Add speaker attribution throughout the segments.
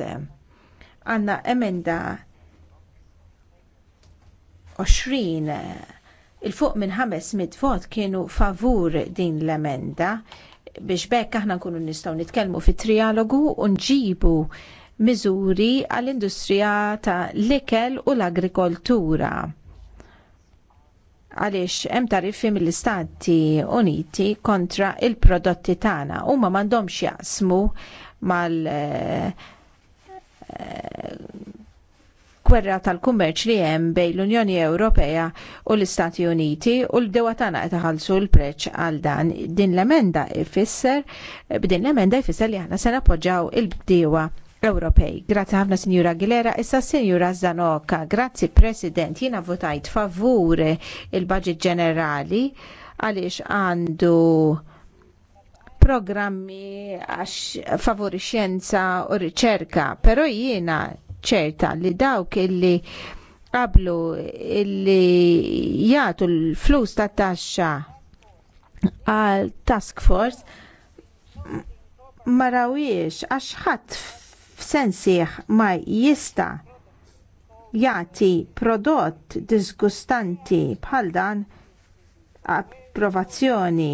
Speaker 1: Għanna emenda 20 il-fuq minn 500 vot kienu favur din l-emenda biex bekk aħna nkunu nistgħu nitkellmu fit-trialogu u nġibu miżuri għall-industrija ta' l-ikel u l-agrikoltura. Għaliex hemm tariffi mill-Istati Uniti kontra il-prodotti tagħna huma m'għandhomx jaqsmu mal- uh, gwerra tal-kummerċ li hemm bejn l-Unjoni Ewropea u l-Istati Uniti u l-dewa tagħna qed iħallsu l-preċ għal dan. Din l-emenda ifisser b'din l-emenda ifisser li aħna se nappoġġjaw il-bdiewa Ewropej. Grazzi ħafna Sinjura Aguilera, issa Sinjura Zanoka, grazzi President, Jiena votajt favur il-Budget Ġenerali għaliex għandu programmi għax favori xjenza u riċerka, pero jiena ċerta li dawk illi qablu illi jagħtu l-flus ta' taxxa għal task force ma rawiex għax ħadd f'sensieħ ma jista' jagħti prodott disgustanti bħal dan approvazzjoni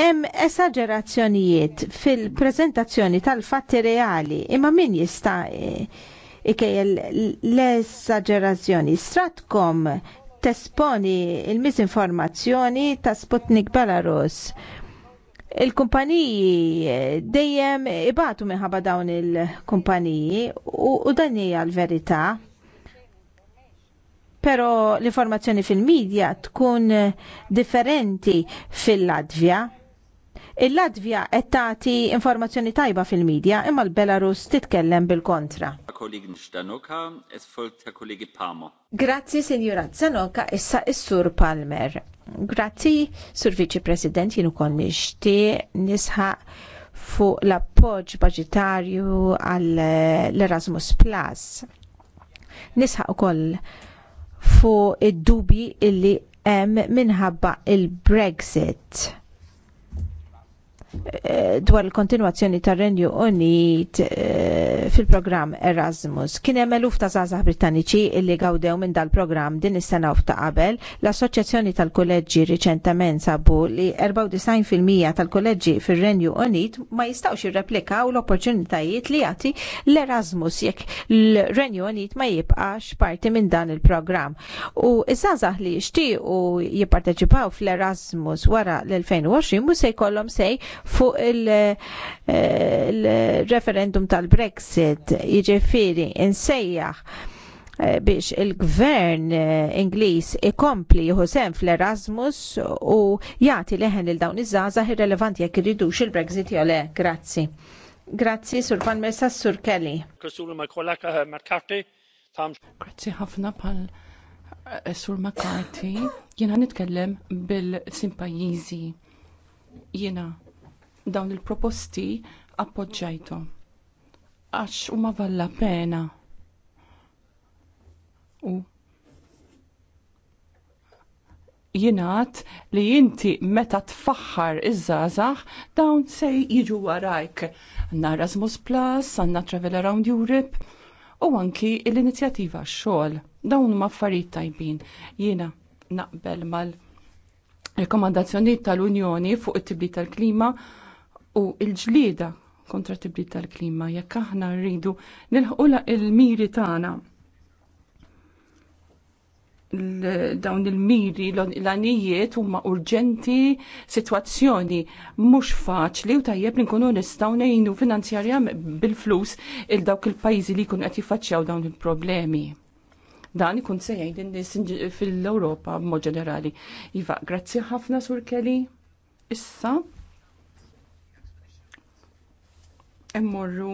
Speaker 1: Hemm esagerazzjonijiet fil-preżentazzjoni tal-fatti reali imma min jista' ikejjel l-esagerazzjoni. Stratkom tesponi il-misinformazzjoni ta' Sputnik Belarus il-kumpaniji dejjem ibatu minħabba dawn il-kumpaniji u, dan hija l-verità. Però l-informazzjoni fil-medja tkun differenti fil-Latvja. Il-Latvja qed tagħti informazzjoni tajba fil-medja imma l-Belarus titkellem bil-kontra. Grazzi, Sinjura Zanoka, issa is-Sur Palmer. Grazzi, Sur Viċi President, jien ukoll nixtieq nisħaq fuq l-appoġġ għal għall-Erasmus Plus. Nisħaq ukoll fuq id-dubi illi hemm minħabba il-Brexit Eh, dwar il-kontinuazzjoni tar-Renju Unit eh, fil-programm Erasmus. Kien hemm eluf ta' żgħażagħ Brittaniċi illi gawdew minn dal-programm din is-sena u ta' qabel, l-Assoċjazzjoni tal kolleġġi riċentament sabu li 94% tal kolleġġi fir-Renju Unit ma jistgħux jirreplikaw l-opportunitajiet li jagħti l-Erasmus jekk l-Renju Unit ma jibqax parti minn dan il-programm. U iż-żgħażagħ li jixtiequ jipparteċipaw fl-Erasmus wara l-2020 mhux se jkollhom sej fuq il-referendum eh, tal-Brexit, jiġifieri insejjaħ eh, biex il-gvern eh, Ingliż ikompli jieħu sehem fl-Erasmus u jagħti leħen lil dawn iż-żgħażagħ irrelevanti jekk iridux il-Brexit jew le. Grazzi. Grazzi Sur Van Mesa Sur Kelly.
Speaker 2: Grazzi ħafna pal Sur McCarthy. Jiena nitkellem bil-simpajizi. Jiena dawn il-proposti appoġġajthom għax huma valla pena. U jingħad li inti meta tfaħħar iż-żgħażagħ dawn se jiġu warajk. Għandna Erasmus Plus, għandna Travel Around Europe u anki l-inizjattiva x-xogħol. Dawn huma affarijiet tajbin. Jiena naqbel mal-rekomandazzjonijiet tal-Unjoni fuq it-tibli tal-klima u l-ġlieda kontra tibdil tal-klima jekk aħna rridu nilħqu il-miri tagħna dawn il-miri l-anijiet huma urġenti sitwazzjoni mhux faċli u tajjeb li nkunu nistgħu ngħinu finanzjarja bil-flus il dawk il-pajjiżi li jkunu qed jiffaċċjaw dawn il-problemi. Dan ikun se jgħid in-nies fil-Ewropa b'mod ġenerali. Iva, grazzi ħafna Sur Kelly. Issa immorru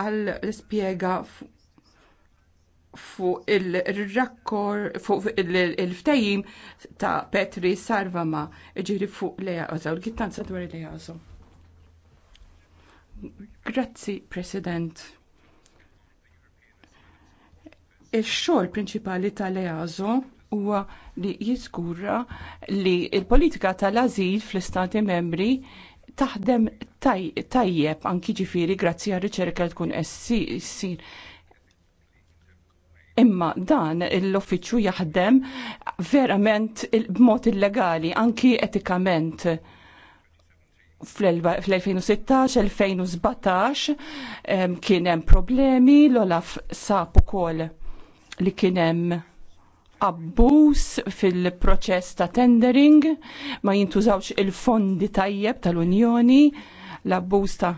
Speaker 2: għall l-spiega fuq il-rakkor, fuq il-ftejim ta' Petri Sarvama, ġiri fuq Leja Oza, u l-gittanza dwar Leja Oza. Grazzi, President. Ix-xogħol prinċipali Leja easo huwa li jiżgura li l politika tal-ażil fl-Istati membri taħdem tajjeb anki ġifiri grazzi għal riċerka tkun essin. Imma dan l-uffiċċju jaħdem verament b'mod illegali, anki etikament fl-2016-2017 kien hemm problemi l-olaf sab ukoll li kien hemm abbuż fil-proċess ta' tendering, ma jintużawx il-fondi tajjeb tal-Unjoni, l-abbuż ta',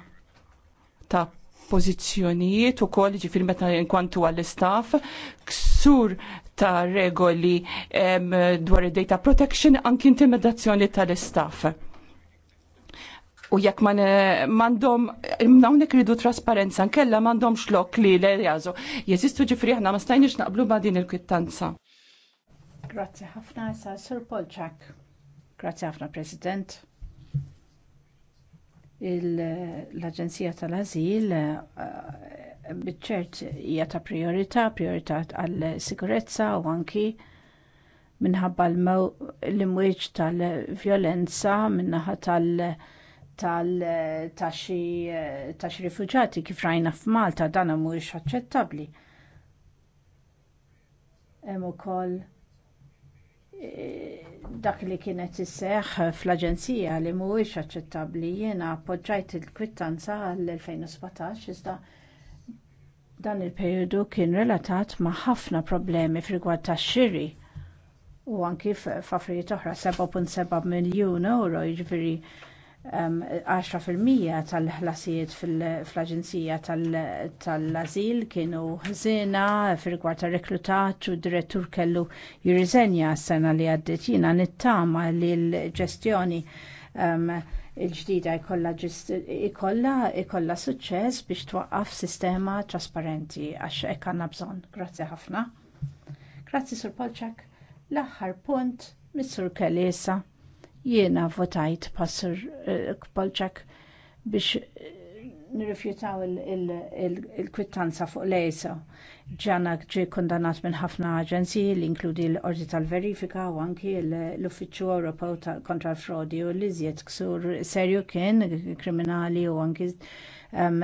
Speaker 2: ta pożizzjonijiet u koll ġifir meta kwantu għall-istaff, ksur ta' regoli em, dwar id-data protection anki intimidazzjoni tal-istaff. U jekk man mandom, hawnhekk ridu trasparenza, nkella m'għandhomx xlok li l-jazo. Jeżistu ġifri aħna ma stajniex naqblu ma' din il-kwittanza.
Speaker 3: Grazzi ħafna sa Sir Polczak. Grazzi ħafna President. L-Aġenzija tal-Azil eh, biċċert hija ta' priorità, priorità għal sikurezza u anki minħabba l-imwieġ tal-vjolenza minnaħa tal- ta' xi eh, rifuġati kif rajna f'Malta dan mhuwiex aċċettabbli. Hemm ukoll dak li kienet isseħ fl-Aġenzija li mhuwiex aċċettabbli jiena appoġġajt il-kwittanza għall-2017 iżda dan il-perjodu kien relatat ma' ħafna problemi f'rigward tax-xiri u anki f'affarijiet oħra 7.7 miljun euro jiġifieri 10% tal-ħlasijiet fl-Aġenzija tal-Azil kienu ħżiena fil-rigward tar reklutat u direttur kellu jirriżenja s-sena li għaddiet jiena nittama li l-ġestjoni il-ġdida jkollha suċċess biex twaqqaf sistema trasparenti għax hekk għandna bżonn. Grazzi ħafna. Grazzi Sur Polċak. L-aħħar punt Mr. sur Kelly Jiena votajt passer Kpolczak eh, biex eh, nirrifjutaw il-kwittanza fuq l Ġana Ġanak ġie kondannat minn ħafna aġenzi li inkludi l-Ordi tal-Verifika u anki l-Uffiċċju Ewropew kontra l-Frodi u l-iżjed ksur serju kien kriminali u anki um,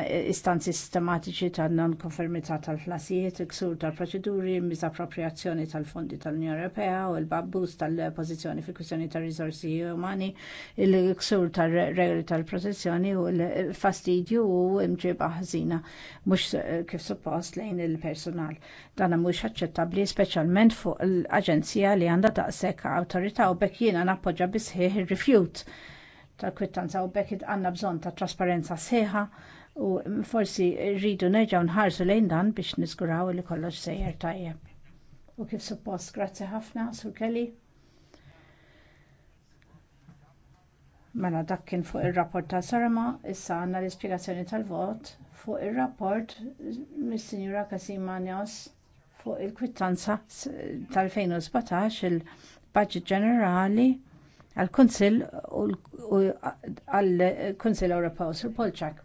Speaker 3: sistematiċi ta' non-konformità tal-flasijiet, iksur tal-proċeduri, miżappropriazzjoni tal-fondi tal-Unjoni Ewropea u l-babbuż tal-pożizzjoni fi kwistjoni ta' risorsi umani, il-iksur tal-regoli tal-protezzjoni u l-fastidju u imġiba ħażina mhux eh, kif suppost lejn il-personal. Dan mhux aċċettabbli speċjalment fuq l-aġenzija li għandha daqshekk awtorità u bekk jiena nappoġġa bisħieħ ir-rifjut tal-kwittanza u bekk għandna bżonn ta' trasparenza sħiħa u forsi rridu nerġaw nħarsu lejn dan biex niskuraw li kollox sejjer tajjeb. U kif suppost, grazzi ħafna, Sur Kelly. Mela dak kien fuq ir-rapport ta' Sarama, issa għandna l-ispjegazzjoni tal-vot fuq ir-rapport mis-Sinjura Kasima Njos fuq il-kwittanza tal-2017 il-Budget Ġenerali għall kunsill u għall-Kunsill Ewropew Sur Polċak.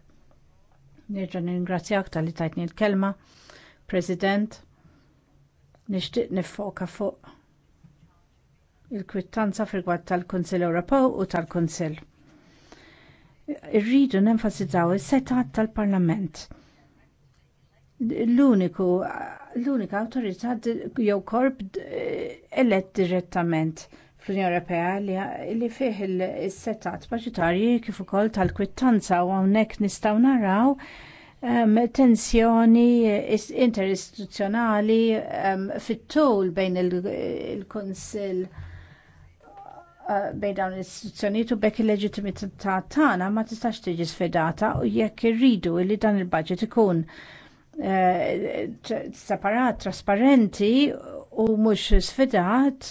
Speaker 3: Nirġa' ningrazzjak tal-li tajtni l-kelma. President, nixtieq nifoka fuq il-kwittanza fil tal-Kunsill Ewropew u tal-Kunsill. Irridu nenfasizzaw is-setat tal-Parlament. L-uniku l-unika awtorità jew korp elett direttament fl-Unjoni Ewropea li fih il-settat paċitarji kif ukoll tal-kwittanza u hawnhekk nistgħu naraw tensjoni interistituzzjonali fit-tul bejn il-Kunsill eh, bejn dawn l-istituzzjonijiet u bekk il-leġitimità tagħna ma tistax tiġi sfidata u jekk irridu li dan il-budget ikun eh, separat, trasparenti u mhux sfidat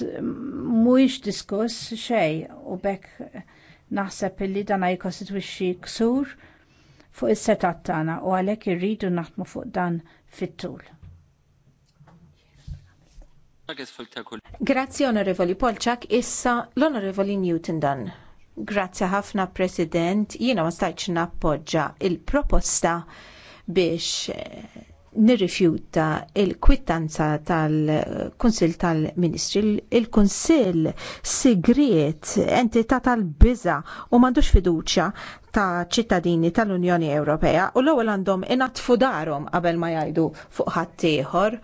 Speaker 3: mhuwiex diskuss xejn u bekk naħseb illi dan jikkostitwixxi ksur fuq is-setat tagħna
Speaker 1: u għalhekk irridu naħdmu fuq dan fit-tul. Grazzi Onorevoli Polċak, issa l-Onorevoli Newton dan. Grazzi ħafna President, jiena ma stajtx nappoġġa il-proposta biex eh, nirrifjuta il-kwittanza tal-Kunsil tal-Ministri. Il-Kunsil sigriet entità tal-biża u m'għandux fiduċja ta' ċittadini tal-Unjoni Ewropea u l-ewwel għandhom inatfu darhom qabel ma jgħidu fuq ħadd ieħor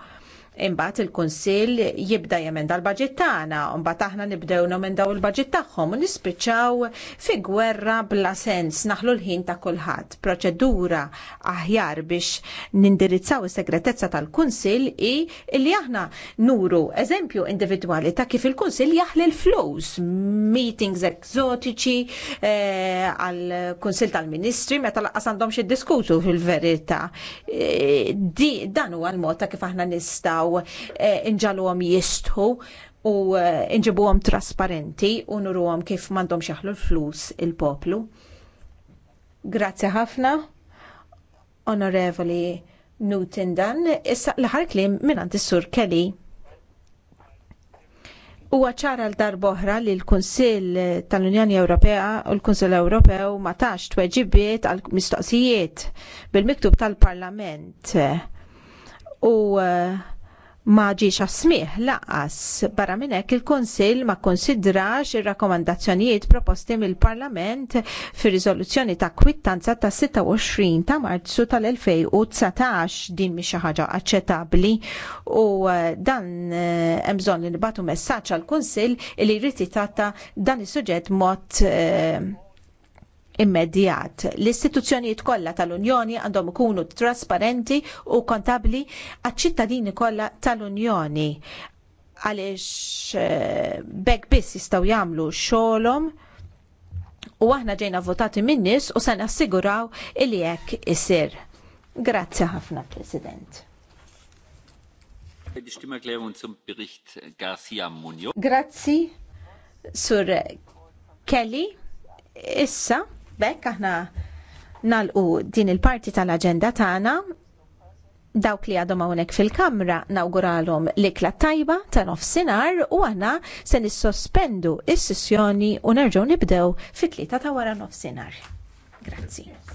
Speaker 1: imbagħad il-Kunsill jibda jemenda l-baġit tagħna, imbagħad aħna nibdew nomendaw il-baġit tagħhom u nispiċċaw fi gwerra bla sens naħlu l-ħin ta' kulħadd. Proċedura aħjar biex nindirizzaw is-segretezza tal-Kunsill i li aħna nuru eżempju individwali ta' kif il-Kunsill jaħli l flows meetings eżotiċi eh, għal-Kunsill tal-Ministri meta laqas għandhom xi diskutu fil-verità. Eh, dan huwa l-mod ta' kif aħna nistgħu Eh, inġalu għom jistħu u għom eh, trasparenti u għom kif mandom xaħlu l-flus il-poplu. Grazzi ħafna, Onorevoli Newton Dan, issa l-ħar klim minn is-sur Kelly. Huwa ċara l darboħra li l-Kunsill tal-Unjoni Ewropea u l-Kunsill Ewropew ma tax tweġibiet għal mistoqsijiet bil-miktub tal-Parlament. U uh, ma ġiex smih laqas barra minn hekk il-Kunsill ma konsidrax ir-rakkomandazzjonijiet proposti mill-Parlament fir-riżoluzzjoni ta' kwittanza ta' 26 ta' Marzu tal-2019 din mhi xi ħaġa aċċettabbli u eh, dan eh, hemm bżonn li nibatu messaġġ għall-Kunsill li jrid jitata dan is-suġġett mod eh, immedjat. L-istituzzjonijiet kollha tal-Unjoni għandhom ikunu trasparenti u kontabli għaċ-ċittadini kollha tal-Unjoni għaliex eh, bekk biss jistgħu jagħmlu xogħolhom u aħna ġejna votati min nies u se nassiguraw li hekk isir. Grazzi ħafna, President. Grazzi, Sur Kelly. Issa, Bekk aħna nalqu din il-parti tal-aġenda tagħna dawk li għadhom hawnhekk fil-kamra nawguralhom l-ikla tajba ta' nofsinhar u aħna se nissospendu s-sessjoni u nerġgħu nibdew fit-tlieta ta' wara nofsinhar. Grazzi.